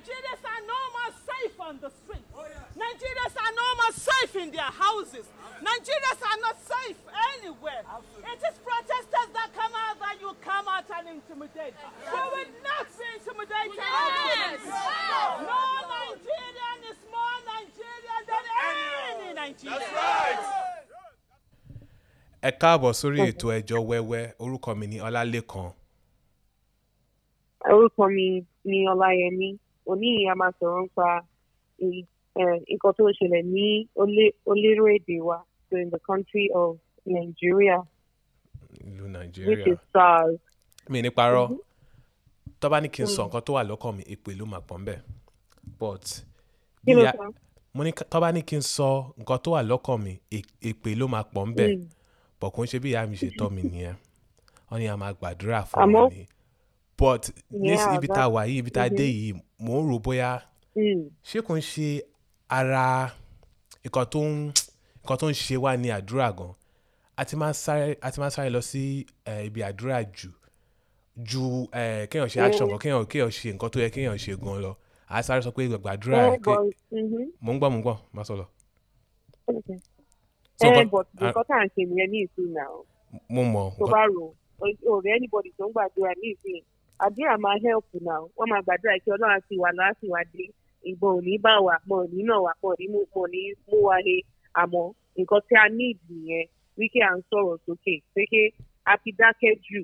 Nigerians are no more safe on the street. Oh, yes. Nigerians are no more safe in their houses. Yes. Nigerians are not safe anywhere. Absolutely. It is protesters that come out that you come out and intimidate. Yes. We will not be intimidated. Yes. Yes. No Nigerian is more Nigerian than any Nigerian. That's right. Ẹ káàbọ̀ sórí ètò ẹjọ́ wẹ́wẹ́ orúkọ mi ni Ọlálékan. Orúkọ mi ni Ọláyẹmí òní ìyá máa sọ̀rọ̀ nípa nǹkan tó ń ṣẹlẹ̀ ní orílẹ̀-èdè wa so in the country of Nigeria. Nigeria which is SARS. mi ní parọ́ tó bá ní kí n sọ nǹkan tó wà lọ́kàn mi èpè ló máa pọ̀ ń bẹ̀ mm. but bí a mo ní tó bá ní kí n sọ nǹkan tó wà lọ́kàn mi èpè ló máa pọ̀ ń bẹ̀ bọ̀ kò ń ṣe bí ìyá mi ṣe tọ́ mi nìyẹn wọ́n ní a máa gbàdúrà fún mi but ní ibi tá a wà yìí ibi tá a mm-hmm. dé yìí mò ń rò bóyá hmm. ṣé kò ń ṣe ara nǹkan tó ń ṣe wá ní àdúrà gan a ti máa sáré a ti máa sáré lọ sí ibi àdúrà jù ju kéèyàn ṣe hmm. action gan kéèyàn kéèyàn ṣe nǹkan tó yẹ kéèyàn ṣe gan lọ a sáré sọ pé gbàdúrà mò mhm. ń gbọ́ mò ń gbọ́ má sọ lọ. ẹ eh, bọ̀ nǹkan tá à ń ṣe nìyẹn ní ìsìn náà mo mọ̀. tó bá rò ọ̀rẹ́ anybody tó ń gbàdúrà ní ìsìn àdúrà máa help na wọ́n máa gbàdúrà kí ọlọ́run àti ìwà lọ́wọ́ àti ìwà dé ìbọn ò bá wà mọ́ ò ní nà wà mọ́ ò ní mú wa àmọ́ nǹkan tí a ní ìdì yẹn wíkẹ́ à ń sọ̀rọ̀ sókè pékè a fi dákẹ́ jù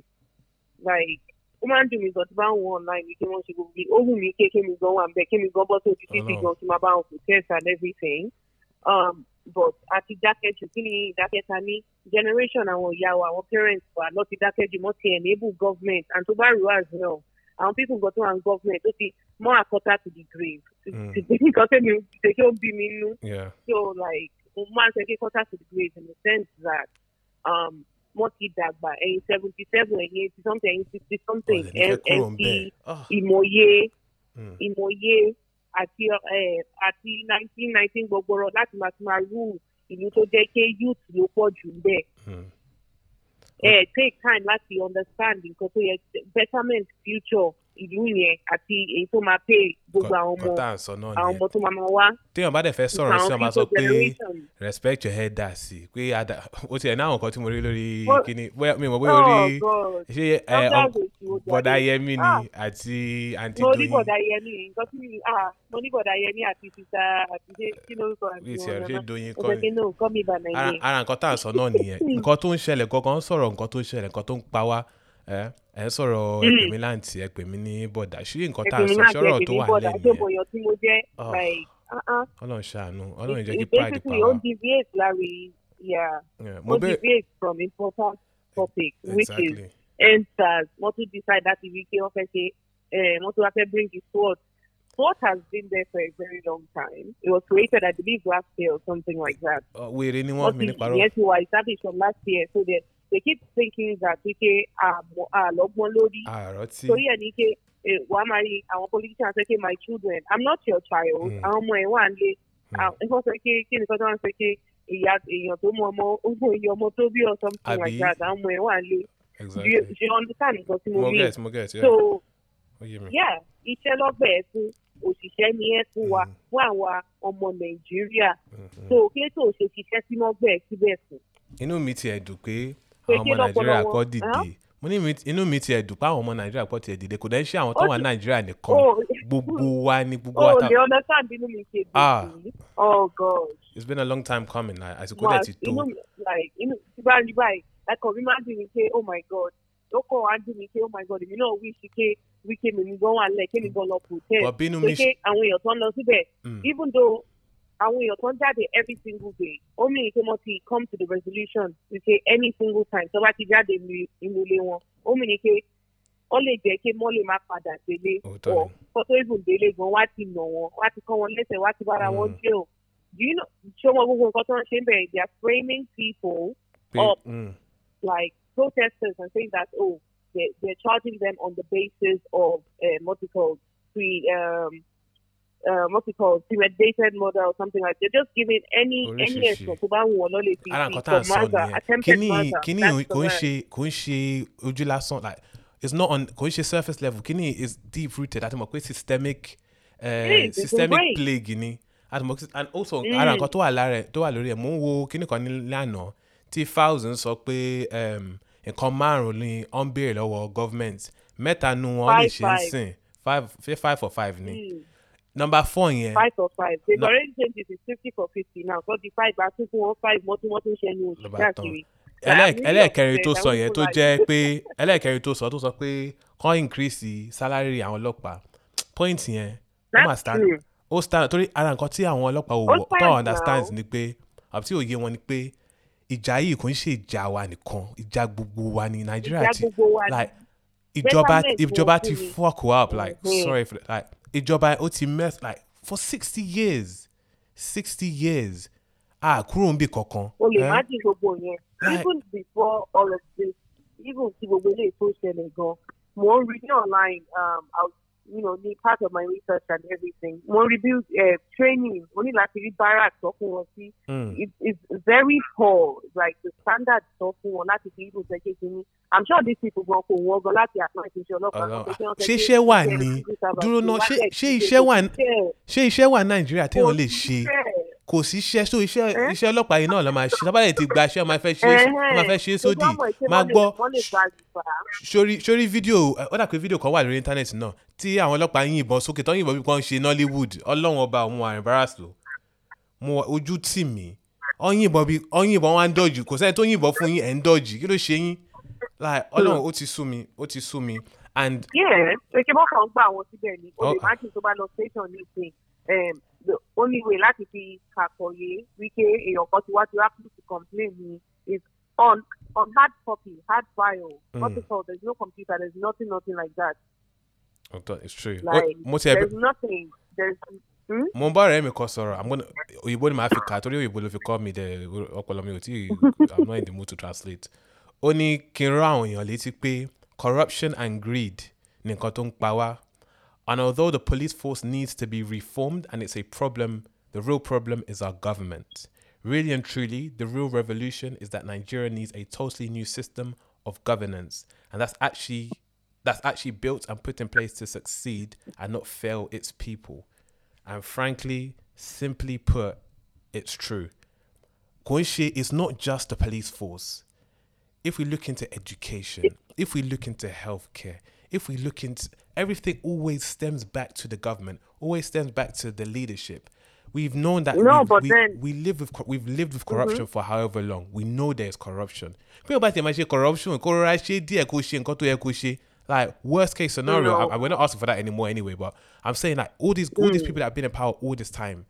like ó máa ń dùn mí gan tí bá ń wọ online mi wọ́n ṣe gbogbo ó wù mí ké kémi gan wà ń gan bọ́ títí bá wọn kò everything um, generation àwọn ìyá wa àwọn parents wa lọ ti dákẹ́ jù mọ́ ti enable government and tó bá rò as well àwọn people nǹkan tó wà ní government ó ti more accordant to the grave ti mm. ti nǹkan tẹ́mi ṣe kí ó bí mi nú so like mo máa ń ṣe kí accordant to the grave in the sense that um, wọ́n ti dàgbà ẹ̀yin seventy seven ẹ̀yin eighty something ẹ̀yin sixty something ẹ̀ẹ́dì ìmọ̀ye ìmọ̀ye àti eh, àti nineteen nineteen gbogbo rọ láti máa ti máa rule ìlú tó jẹ́ pé youth ló pọ̀ jù ń bẹ̀. ẹ take time láti understand nǹkan tó yẹ betterment future ìlú yẹn àti èyí tó máa pè gbogbo àwọn ọmọ àwọn ọmọ tó máa wá. téèyàn bá dẹ̀ fẹ́ sọ̀rọ̀ sí ọmọ sọ pé respect your elders pé ó tiẹ̀ náà nǹkan tí mo rí lórí kíní mi mọ̀ bóyá orí oh ṣé eh, bọ̀dá yẹmí ni ah. àti àǹtí dùn yìí. mo ní bọ̀dá yẹmí nǹkan tí ah, mo ní bọ̀dá yẹmí àti sísá àti kí ló ń sọ àti wọn náà ara nǹkan tá à sọ náà nìyẹn nǹkan tó ń ṣẹlẹ̀ gangan sọ̀rọ̀ nǹkan tó ń ṣẹlẹ̀ nǹkan tó ń pa wá eh? ẹ ń sọ̀rọ̀ ẹ mm-hmm. pè mí láǹtì ẹ pè mí ní bọ̀dà ṣé nǹkan tá a sọ sọ̀rọ̀ tó wà lẹ́yìn ẹ̀ ah. uh-uh. ọlọ́run ṣàánú ọlọ́run jẹ́ kí pride pa wá. mo bẹ́ẹ̀ from important topic which is enters wọ́n tún decide láti wí pé wọ́n fẹ́ ṣe wọ́n tún wá fẹ́ bring the sword Sport has been there for a very long time. It was created, I believe, last year or something like that. Uh, wait, anyone? Yes, it was established from last year. So the they keep thinking that wípé àlọ́gbọ́n lórí torí ẹ̀ ní pé wàá máa rí àwọn politicians ṣe pé my children i'm not your child hmm. àwọn ọmọ ẹ̀ wà ń lé hmm. ẹ̀fọ́ sọ pé kí nìkan tó ń sọ pé ìyá èèyàn tó mú ọmọ ogún iye ọmọ tó bí or something like that àwọn ọmọ ẹ̀ wà ń lé you understand nǹkan tí mo mean mo get mo get yeah. so yeah iṣẹ́ lọ́gbẹ̀ẹ́ fún òṣìṣẹ́ ni ẹ fún wa hmm. fún àwa ọmọ nàìjíríà so kí ètò òṣèṣiṣẹ́ símọ́gbẹ̀ẹ́ síbẹ̀ fún. inú mi tiẹ̀ dùn pé àwọn ọmọ nàìjíríà kọ́ dìde mo ní inú mi ti ẹ̀dùn pé àwọn ọmọ nàìjíríà pọ̀ ti ẹ̀ dìde kò dẹ́ ṣe àwọn tó wà nàìjíríà nìkan oh. gbogbo wa ni gbogbo wa oh, ta. o lè understand inú mi ṣe dùn ah. oh god. it's been a long time coming na àsìkò dẹ̀ ti tó. inú ti bá rí báyìí ẹkọ mi máa ń dùn mí pé oh my god ó kọ́ wa dùn mí pé oh my god èmi náà wí sí pé wíkẹ́ mi ní gbọ́n wà lẹ̀ kí mi gan lọ protest. pé mm. even though àwọn èèyàn kan jáde every single day ó mì ní pé wọ́n come to the resolution to say any single time So bá ti jáde nínú ilé wọn ó mì ní pé ó lè jẹ́ kí mọ́ lè máa padà délé ọ̀ fọ́tò ìbùn délé gan wá ti nà wọn wá ti kọ́ wọn lẹ́sẹ̀ wá ti mm. do you know Show wọn gbogbo nǹkan tó chamber. they are framing people up mm. like protesters and saying that oh they they're charging them on the basis of uh, eh, multiple pre. Um, um, uh, what's it called premeditated murder or something like that. They're just giving any any ẹ̀sùn tó bá wù ọ́ lọ lè fi for murder attempted murder. like it's not on kò ń surface level Kini is deep rooted àti mọ̀ pé systemic uh, systemic plague ni àti and also mm. Aran nǹkan tó wà lára tó wà lórí ẹ̀ mò ń wo kíni kan ní lánàá tí fauzi ń sọ pé um, nǹkan márùn-ún ni ó ń béèrè lọ́wọ́ government mẹ́ta nu wọn lè ṣe ń sìn five five for five ni. Mm number four yẹn. five for five they no. already change it to fifty for fifty now So the five gba two fún one five mọ́tún mọ́tún ṣe ní oṣù káàkiri. ẹlẹ́ẹ̀kẹrin tó sọ yẹn tó jẹ́ pé ẹlẹ́ẹ̀kẹrin tó sọ tó sọ pé kàn increase salary àwọn ọlọ́pàá point yẹn ó mà stand ó stand torí ara nǹkan tí àwọn ọlọ́pàá ò wọ̀ táwọn understand ni pé àbí tí òye wọn ni pé ìjà yìí kò ń ṣe ìjà wa nìkan ìjà gbogbo wa ni Nàìjíríà ti like ìjọba ti fuck up like mm-hmm. sorry for like ìjọba ó ti mess like for sixty years sixty years a kúrò ń bì kankan. o lè eh? má dín gbogbo yẹn even before all of this even tí gbogbo eléyìí tó ṣẹlẹ̀ gan-an mo ń rí ní online um, I was you know ní part of my research and everything mo mm. uh, training mo ní láti rí barrack tó fún wọn sí hmm. it's very poor like the standard tó fún wọn láti fi irú ìṣẹ́jẹ́ kínní i'm sure these people gan kò wọ́n gan láti apply to iṣẹ́ ọlọ́pàá ṣé iṣẹ́ wà ní dúró náà ṣé iṣẹ́ wà ní Nàìjíríà téèyàn lè ṣe kò sí iṣẹ́ so iṣẹ́ eh? iṣẹ́ ọlọ́pàá yìí náà lọ́ máa ṣe tábàlẹ̀ ti gba iṣẹ́ máa fẹ́ ṣe máa fẹ́ ṣe sódì máa gbọ́ sórí sórí fídíò ó dà pé fídíò kan wà lórí íńtánẹ́ẹ̀tì náà tí àwọn ọlọ́pàá yìn ìbọn sókè tó yìnbọn bí wọ́n ṣe Nollywood ọlọ́run ọba òun àrùn baraslo mo ojú tì mí ọyìnbọn bí ọyìnbọn wa ń dọ̀jù kò sẹ́ni tó yìnbọn fún yín ẹ̀ ń dọ̀jù kí ló ṣe yín ọlọ́run ó ti sú mi ó ti sú and. yẹ́ẹ̀ ṣe kí wọ́n kàn ń gbà àwọn síbẹ̀ ni kò oh, má kí n tó bá lọ station ní ìsìn only way ìwé láti fi kàkọ̀yé wípé èèyàn kan ti wá ti rákùnrin to complain me is on on hard copy hard file mm. not before there is no computer there is nothing nothing like that. ọ̀tọ̀ it's true. like What, there is nothing there is. Hmm? mo ń bá ọ̀rẹ́ mi kọ sọ̀rọ̀ òyìnbó ni màá fi kà á torí òyìnbó ló fi kọ́ mi dẹ̀ ọpọlọ mi ò tí i'm not in the mood to translate. ó ní kí n rán àwọn èèyàn létí pé corruption and greed nìkan tó ń pa wá And although the police force needs to be reformed and it's a problem, the real problem is our government. Really and truly, the real revolution is that Nigeria needs a totally new system of governance. And that's actually that's actually built and put in place to succeed and not fail its people. And frankly, simply put, it's true. Koinshe is not just a police force. If we look into education, if we look into healthcare, if we look into everything always stems back to the government, always stems back to the leadership. We've known that no, but we, then, we live with we've lived with mm-hmm. corruption mm-hmm. for however long. We know there's corruption. corruption, like worst case scenario, no. I, I, we're not asking for that anymore anyway. But I'm saying that all these all these mm. people that have been in power all this time,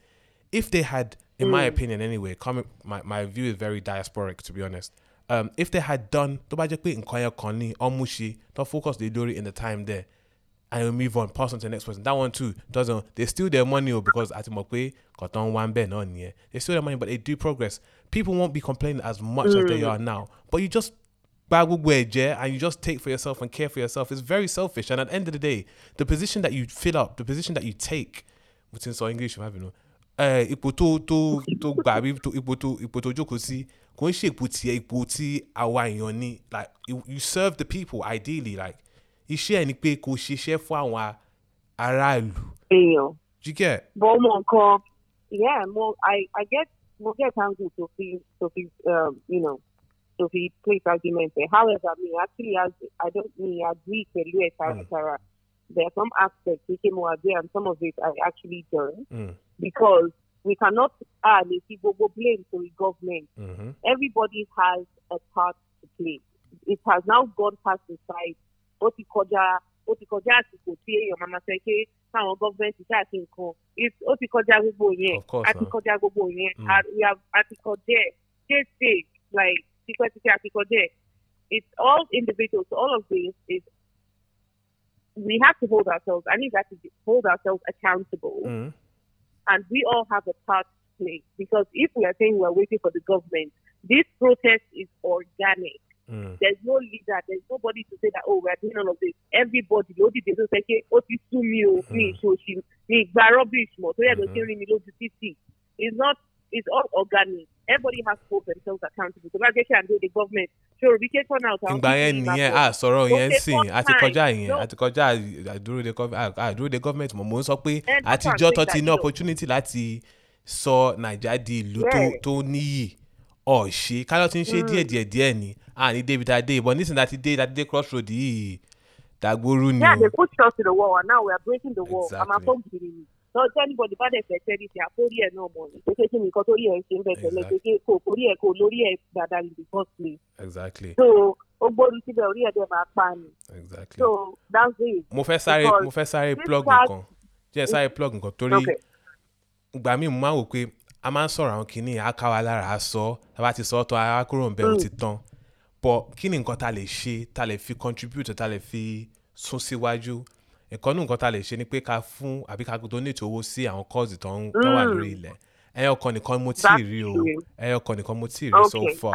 if they had, in mm. my opinion anyway, coming my, my view is very diasporic to be honest. Um, if they had done the budget in or mushi, Omushi, the focus they do it in the time there, and we move on, pass on to the next person. That one too doesn't. They steal their money oh, because Atimokwe got on one bend on here. They steal their money, but they do progress. People won't be complaining as much mm. as they mm. are now. But you just bag yeah, and you just take for yourself and care for yourself. It's very selfish. And at the end of the day, the position that you fill up, the position that you take, what's in so English, I don't know. Eh, ipò tó tó tó gbà àbí ipò tó ipò tó jókòó sí like you serve the people ideally like iṣẹ́ ẹ̀ ni pé kò ṣiṣẹ́ fún àwọn aráàlú. èèyàn jíkẹ́. bó mọ nǹkan yeah mo i i get mo get angle to fi to fi um, you know to fi place argument there however me actually as i don't me agree pẹ̀lú ẹ̀ tààràtàrà mm. there are some aspects wey came out there and some of it i actually join mm. because we cannot add a gbogbo blame to the government mm-hmm. everybody has a part to play it has now gone past the side ó ti kọjá ó ti kọjá àsìkò tí èèyàn máa ma sọ pé káwọn gọ́ọ̀mẹ̀ntì káàkiri nǹkan ó ti kọjá gbogbo yẹn a ti kọjá gbogbo yẹn mm. a ti kọjá ṣé ṣe like tipẹ́tipẹ́ a ti kọjá ẹ̀ it's all individuals all of this is we have to hold ourselves I need that to hold ourselves accountable mm. and we all have a part to play because if we are saying we are waiting for the government this protest is organic Mm. There's no leader. There's nobody to say that, oh, we're doing all of this. Everybody, lódì dé tó say, "Okay, ó ti sú mi o, mi mm-hmm. ìṣòṣì, mi ìgbà rubbish mọ̀ tó yẹ ló ti rìn mí lójú títì. It's not it's all organic. Everybody has to hold themselves accountable. So I can do the government. Sure, we can turn out. Ìgbà yẹn nìyẹn a sọ̀rọ̀ yẹn sìn àti kọjá yẹn àti I àdúró the government I mọ̀ mò ń sọ pé àtijọ́ tó ti ní opportunity láti sọ Nàìjíríà di ìlú tó níyì ọ̀ṣẹ́ káyọ̀ ti ń ṣe mm. díẹ̀ díẹ̀ díẹ̀ ni àní débi tá a dé ìbọn nísìnyí láti dé láti dé cross road yìí dàgbóru ni. yeah they put shot to the wall and now we are breaking the wall exactly. àmàfó gírí ni lọ́jọ́ anybody bá dẹ̀ fẹ́ tẹ́lẹ̀ tí àkórí ẹ̀ náà mọ̀ ní pé kí nìkan tó rí ẹ̀ ń ṣe ń bẹ̀ tẹ́lẹ̀ pé kò kórí ẹ̀ kò lórí ẹ̀ dáadáa in the first place. exactly. so ó gbórí síbẹ̀ orí ẹ̀ dẹ̀ máa pa ni. exactly. so that's it. mo fẹ́ sáré mo fẹ́ sáré plug nǹkan jẹ́ sáré plug nǹkan torí ìgbà míì mo máa wò pé a máa ń sọ̀rọ̀ àwọn kìíní àkáwá lára sọ tá a bá ti sọ ọ́ ara kúrò ń bẹ̀rù ti tán but kí ni nǹkan tá a lè ṣe tá lè fi contribute tá a lè fi sún síwájú nǹkan nù nǹkan tá a lè ṣe ni pé ká fún àbí ká donate owó sí àwọn cause tó ń wà lórí mm. ilẹ̀ ẹyọ kan nìkan mo tí ì rí o ẹyọ kan nìkan mo tí rí so far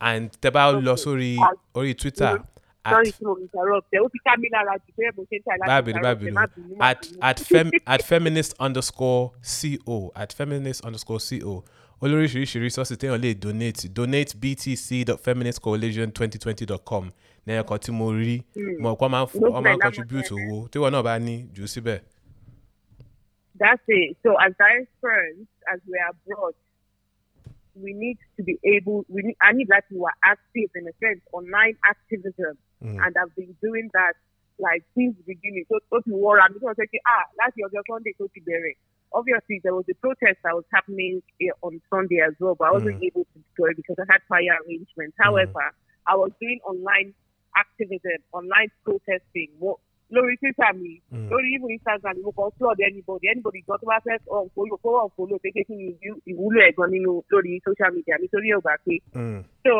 and tẹ bá lọ sórí orí Twitter. Mm sorry tí mo at fem at feminist underscore co at feminist underscore co olóríṣiríṣi resources téèyàn lè donate donate btc.feministcoalition2020.com ní ẹ̀kọ́ tí mo rí hmm. mo kọ́ máa ń fún ọ máa ń contribute owó tí wọn náà bá ní jù síbẹ̀. that's it so as diasporans as we are abroad we need to be able we need, i need like we wà active in a sense online activism Mm. And I've been doing that like since the beginning. So, so to war, I'm just thinking, ah, last year your Sunday so to bury. Obviously, there was a protest that was happening eh, on Sunday as well, but I wasn't mm. able to go because I had prior arrangements. Mm. However, mm. I was doing online activism, online protesting. What lórí twitter mi mm. lórí even instagram mo kàn flood anybody anybody got gan tó bá fẹ́ ọ̀nfọlò kó ọ̀nfọlò kékeré kí ni ìwúlò ẹ̀ gan nínú lórí social media nítorí ọ̀gbà pé. Mm. so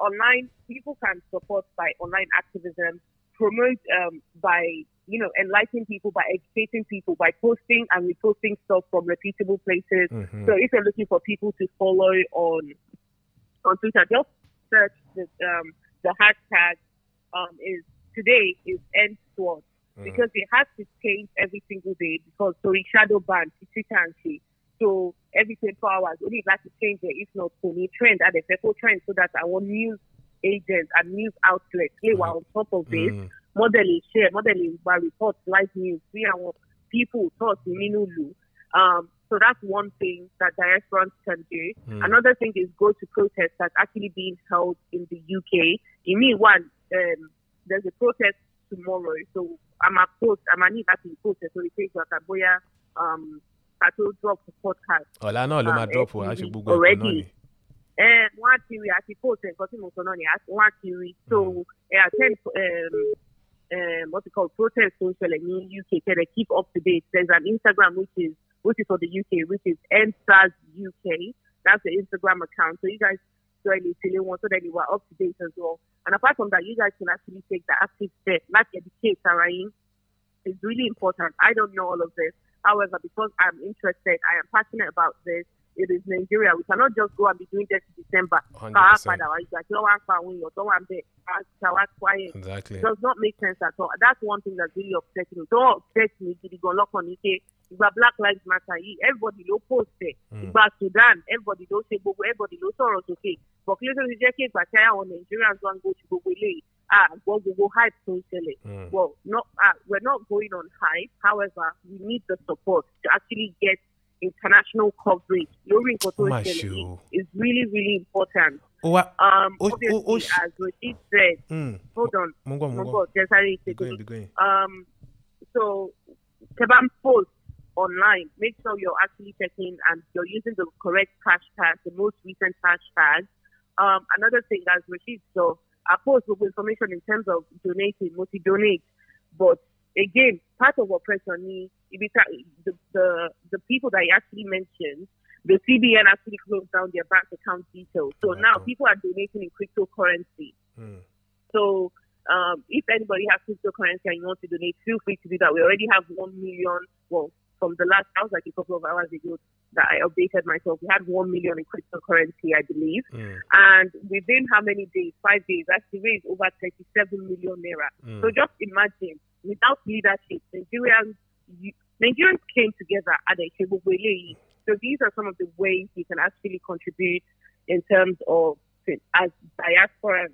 online people can support by online activism, promote um, by you know enlightening people, by educating people, by posting and reposting stuff from reputable places. Mm-hmm. So if you're looking for people to follow on on Twitter, just search the um, the hashtag um, is today is end SWAT mm-hmm. because it has to change every single day because so in shadow ban, Twitter and she so every 24 hours, we need like to change it. If not, we trend at the people trend so that our news agents and news outlets they were mm-hmm. on top of this. Mm. Mm-hmm. Modeling share, modeling by reports, live news, we are people thought Minulu. Um, so that's one thing that diasporans can do. Mm. Another thing is go to protests that's actually being held in the UK. In me, one, um, there's a protest tomorrow. So I'm a post, I'm an even protest. So it takes like a boya, um, ká tó drop podcast. ọ̀la náà ló máa ah, drop wá ṣe eh, gbogbo ẹ̀kọ́ náà ni. Eh, wọ́n á ti rí àti kóòtù nǹkan tí ti rí so hmm. attend um, um, what we call protest social in the UK can I keep up to date. There's an Instagram which is which is for the UK, which is NSAS UK. That's the Instagram account. So you guys join it if one want so that you are up to date as well. And apart from that, you guys can actually take the active step, like educate Sarain. It's really important. I don't know all of this. However, because I'm interested, I am passionate about this. It is Nigeria. We cannot just go and be doing this in December. 100%. Exactly. It does not make sense at all. That's one thing that's really upsetting me. Don't upset me. Did go lock on it? ìgbà black lives matter everybody ló post ẹ ìgbà sudan everybody don't say gbogbo everybody ló sọ̀rọ̀ sókè bọ̀kílẹ́sọ̀ ti jẹ́ kí ìgbà tí àwọn nigerians wá ń gbòòtù gbogbo eléyìí ah, well, we will hype Tony mm. Well, not, ah, we're not going on hype. However, we need the support to actually get international coverage. Oh, Lori Nkoto is really, really important. Oh, uh, um, oh, obviously, oh, oh, as said, mm. hold on, mungo, mungo. Mungo, um, so Teban post online, make sure you're actually checking and you're using the correct hashtag, the most recent hashtag. Um, another thing, as Rashid so of course, with information in terms of donating, multi donate, but again, part of what oppression is the, the, the people that you actually mentioned, the CBN actually closed down their bank account details. So wow. now people are donating in cryptocurrency. Hmm. So um, if anybody has cryptocurrency and you want to donate, feel free to do that. We already have one million. Well, from the last, I was like a couple of hours ago, that I updated myself, we had 1 million in cryptocurrency, I believe. Mm. And within how many days? Five days. Actually raised over 37 million naira. Mm. So just imagine, without leadership, Nigerians, Nigerians came together at a table. So these are some of the ways you can actually contribute in terms of, as diaspora,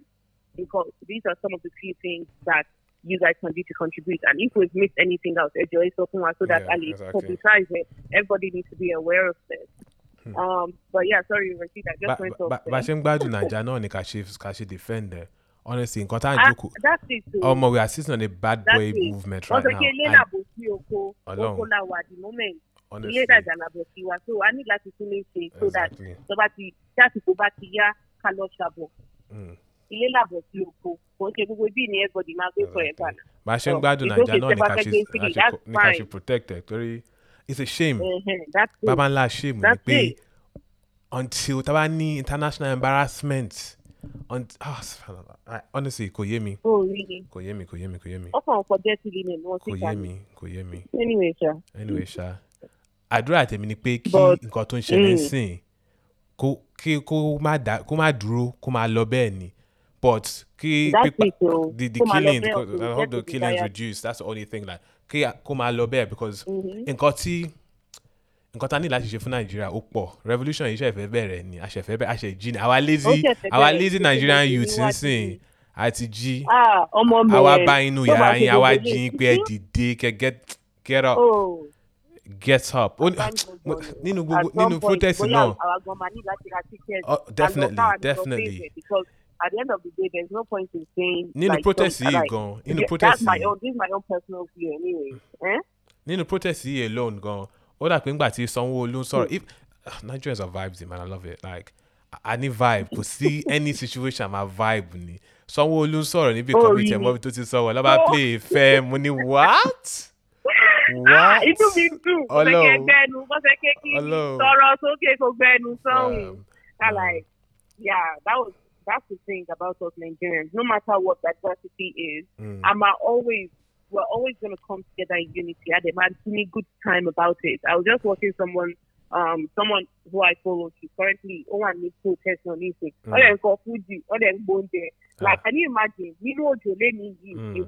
because these are some of the few things that you guys can do to contribute. And if we've missed anything else, Ejoy Sokunwa, so that yeah, Ali exactly. publicize it. Everybody needs to be aware of this. Hmm. Um, but yeah, sorry, repeat. I just ba, went off. But a ṣe ń gbádùn Naija náà ni ká ṣe Honestly, in tá à ń That's it. Oh, my, we are sitting on a bad that's boy it. movement right also, now. Ọ̀sẹ̀ kí ilé the moment. Honestly. so a ní láti tún so that ìjọba ti, tí àsìkò bá ti yá, ilé làbọ̀ sí oko kò ń ṣe gbogbo ibi ní everybody máa gbé forever. bá a ṣe ń gbádùn nàìjà náà ní ká ṣe protect ẹ torí it's a shame bàbá ńlá shame ni pé until tá a bá ní international embarrassment until oh, ah, honestly kò yé mi oh, kò yé mi kò yé mi kò yé mi ọkàn ọkọ jẹ ti lè mọ sí ká kò yé mi kò yé mi anyway ṣá anyway ṣá àdúrà tèmi ni pé kí nǹkan tó ń ṣẹlẹ̀ mm. sìn kó má dúró kó má lọ bẹ́ẹ̀ ni But ki, people, the, the killings, I hope the killings reduce. That's the only thing. Like, kí kó máa lọ because mm-hmm. nǹkan tí nǹkan tá ní láti ṣe fún nàìjíríà ó pọ̀ revolution yìí ṣẹ̀fẹ̀ bẹ̀rẹ̀ ni àṣẹ̀fẹ̀ bẹ̀rẹ̀ àṣẹ̀ jí ni àwa lazy àwa lazy Nigerian youth nsìn àti jí ah, àwa bá inú yàrá yín àwa jí pé ẹ dìde kẹ get get up oh. get up nínú gbogbo nínú protest náà oh, definitely definitely at the end of the day, there's no point in saying. Nínú like, protest yìí like, gan. Nínú yeah, protest yìí. That's my own, this is my own personal view anyway. Hmm. Eh? Nínú protest yìí alone gone. All that pé back to Sanwó-Olú ń sọ̀rọ̀ hmm. if uh, ah, Nigerians are vibes man I love it like a ní vibe could see any situation my vibe ni Sanwó-Olú ń sọ̀rọ̀ if you come tẹ̀ mọ́bi tó ti sọ̀rọ̀ lọ́ba oh. play fair money. What? what wá. inú mi dùn kò fẹ́ kí ẹgbẹ́nu kò fẹ́ kí kí sọ̀rọ̀ sókè um, um. yeah that was that's the thing about us Nigerians. No matter what diversity is, mm. I'm always we're always gonna come together in unity. I demand any good time about it. I was just watching someone um someone who I follow she's currently oh and me too personal music. Mm. Oh then for Fuji, oh Like can you imagine? You know Jolene, mm. you know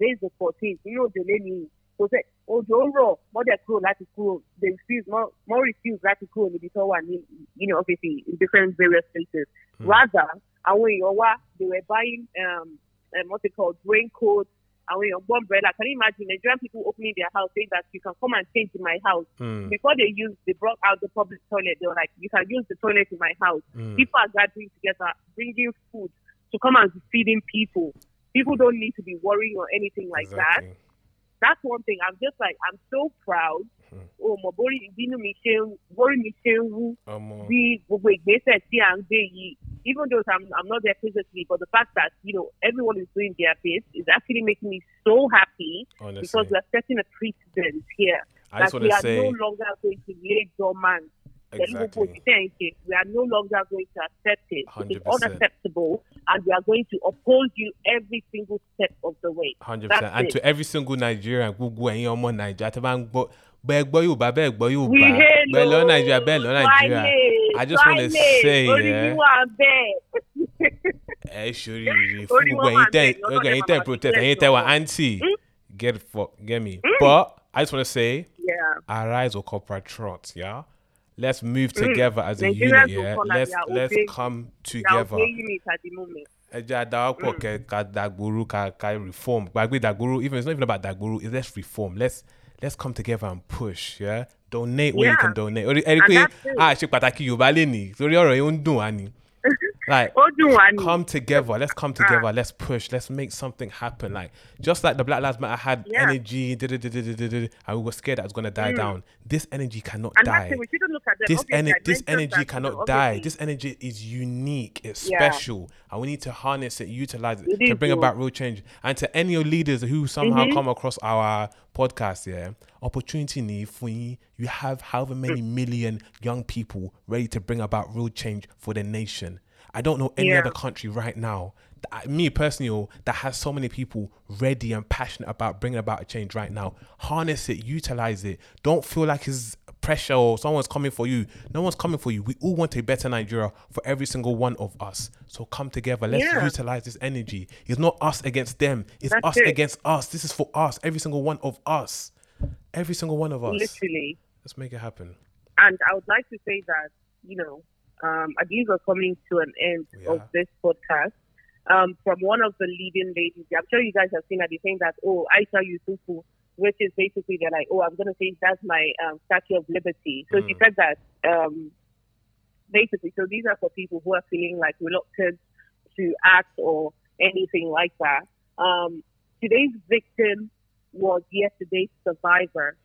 days the fourteenth, you know Jole ni kò oh, òjò ń rọ mọdẹ kúrò láti cool. they refuse more, more refuse that is cool. níbi tó wà you know obviously in different various places mm. rather àwọn èèyàn they were buying um, um, what's it called raincoats àwọn èèyàn umbrella can you imagine Nigerian people opening their house saying that you can come and change in my house mm. before they use they brought out the public toilet they were like you can use the toilet in my house mm. people are gathering together bringing food to come and feeding people people don't need to be worrying or anything like exactly. that that's one thing i'm just like i'm so proud hmm. Oh, my bórí you mi ṣe ń borí mi ṣe We we bí gbogbo we tí à even though I'm, I'm not there physically, but the fact that, you know, everyone is doing their best is actually making me so happy Honestly. because we're setting a precedent here. I that we are say... no longer going to lay dormant. Exactly. We are no longer going to accept it. 100%. It is unacceptable, and we are going to uphold you every single step of the way. 100%. That's and it. to every single Nigerian, Google, and Nigeria, bẹ́ẹ̀ gbọ́ yorùbá bẹ́ẹ̀ gbọ́ yorùbá bẹ́ẹ̀ lọ nàìjíríà bẹ́ẹ̀ lọ nàìjíríà i just wanna say ẹ ẹ ṣoríire fún gbogbo ẹ̀yin tẹ gbogbo ẹ̀yin tẹ protest ẹ̀yin tẹ wà anti get for get me hmm? but i just wanna say arise o corporate trot yeah. Let's move hmm. together as a unit. Yeah? Let's let's obey, come together. Unit at the moment. ẹ jẹ́ adarapọ̀ hmm. kẹ ká Dagboru ká ká reform gbàgbé Dagboru even it's not even about Dagboru it's let's reform let's let's come together and push yeah donate yeah. where you can donate. ẹ̀rí pé àṣepàtàkì Yorùbá lè nì torí like, come together. Let's come together. Let's push. Let's make something happen. Like, just like the Black Lives Matter had yeah. energy, and we were scared that it was gonna die mm. down. This energy cannot and die. Thing, this, ener- this energy cannot die. This energy is unique. It's yeah. special, and we need to harness it, utilize it, it to bring about real change. And to any of leaders who somehow mm-hmm. come across our podcast, yeah, opportunity for you. You have however many mm. million young people ready to bring about real change for the nation I don't know any yeah. other country right now, that, me personally, oh, that has so many people ready and passionate about bringing about a change right now. Harness it, utilize it. Don't feel like it's pressure or someone's coming for you. No one's coming for you. We all want a better Nigeria for every single one of us. So come together. Let's yeah. utilize this energy. It's not us against them. It's That's us it. against us. This is for us. Every single one of us. Every single one of us. Literally. Let's make it happen. And I would like to say that, you know, um, I believe we're coming to an end yeah. of this podcast. Um, from one of the leading ladies, I'm sure you guys have seen that they saying that, oh, I saw you Yusufu, which is basically they're like, oh, I'm going to say that's my um, statue of liberty. So mm. she said that um, basically. So these are for people who are feeling like reluctant to act or anything like that. Um, today's victim was yesterday's survivor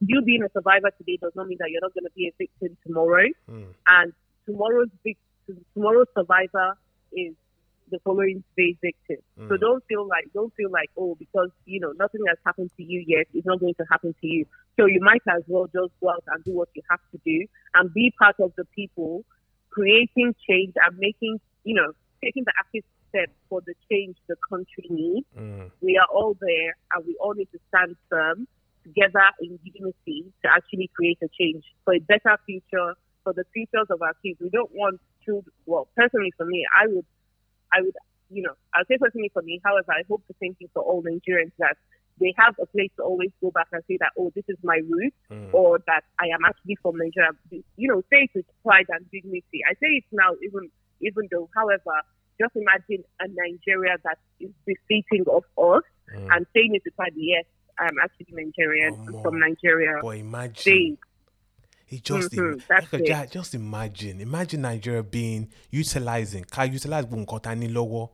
you being a survivor today does not mean that you're not going to be a victim tomorrow. Mm. And tomorrow's tomorrow's survivor is the following day's victim. Mm. So hmm. don't feel like don't feel like oh because you know nothing has happened to you yet, it's not going to happen to you. So you might as well just go out and do what you have to do and be part of the people creating change and making you know taking the active step for the change the country needs. Mm. We are all there and we all need to stand firm together in unity to actually create a change for a better future for the futures of our kids. We don't want children. Well, personally, for me, I would, I would, you know, I'll say personally for me. However, I hope the same thing for all Nigerians that they have a place to always go back and say that, oh, this is my root, mm. or that I am actually from Nigeria. You know, say it with pride and dignity. I say it now, even even though, however, just imagine a Nigeria that is defeating of us mm. and saying it with pride. Yes, um, actually Nigerian oh, from Nigeria. Boy, imagine. He just mm-hmm, it. just imagine imagine Nigeria being utilizing can utilize Bunkotani logo.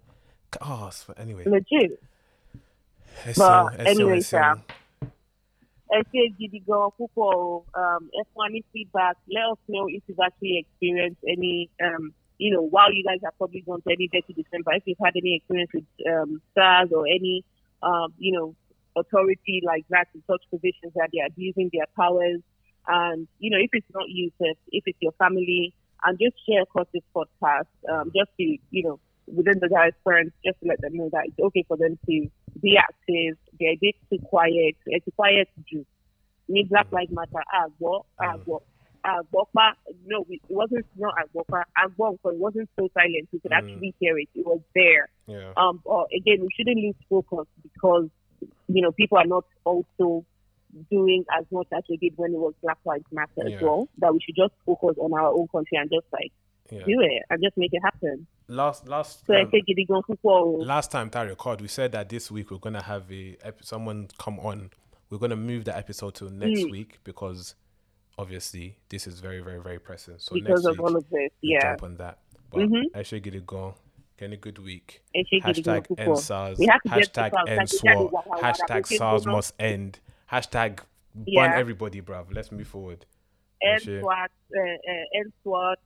Oh, anyway. Legit. anyway, ẹsẹ̀ anyway, ẹsẹ̀. Ẹ ṣe gidi gan púpọ̀ o. Um, ẹ fún wa ní feedback. Let us know if you've actually experienced any, um, you know, while you guys are probably going to any to December, if you've had any experience with um, SARS or any, um, you know, authority like that in such positions that they are abusing their powers. And, you know, if it's not you, if it's your family, and just share across this podcast, um, just to, you know, within the guy's friends, just to let them know that it's okay for them to be active, they're a bit too quiet, it's a quiet juice. Need Black mm. Lives Matter, Agbo, Agbo, Agbopa. No, it wasn't not Agbopa, Agbo, but it wasn't so silent. We could mm. actually hear it. It was there. Yeah. Um, but again, we shouldn't lose focus because you know, people are not also doing as much as we did when it was Black Lives Matter yeah. as well. That we should just focus on our own country and just like yeah. do it and just make it happen. Last last so um, last time that record, we said that this week we're gonna have a someone come on. We're gonna move the episode to next mm. week because obviously this is very very very pressing. So because next of week, all of this, yeah, jump on that. But mm-hmm. it going. Kenny Goodweek. Hashtag end SARS. Hashtag end SWAT. Hashtag SARS must end. Hashtag ban everybody, bruv. Let's move forward. End SWAT. Uh, uh, end SWAT.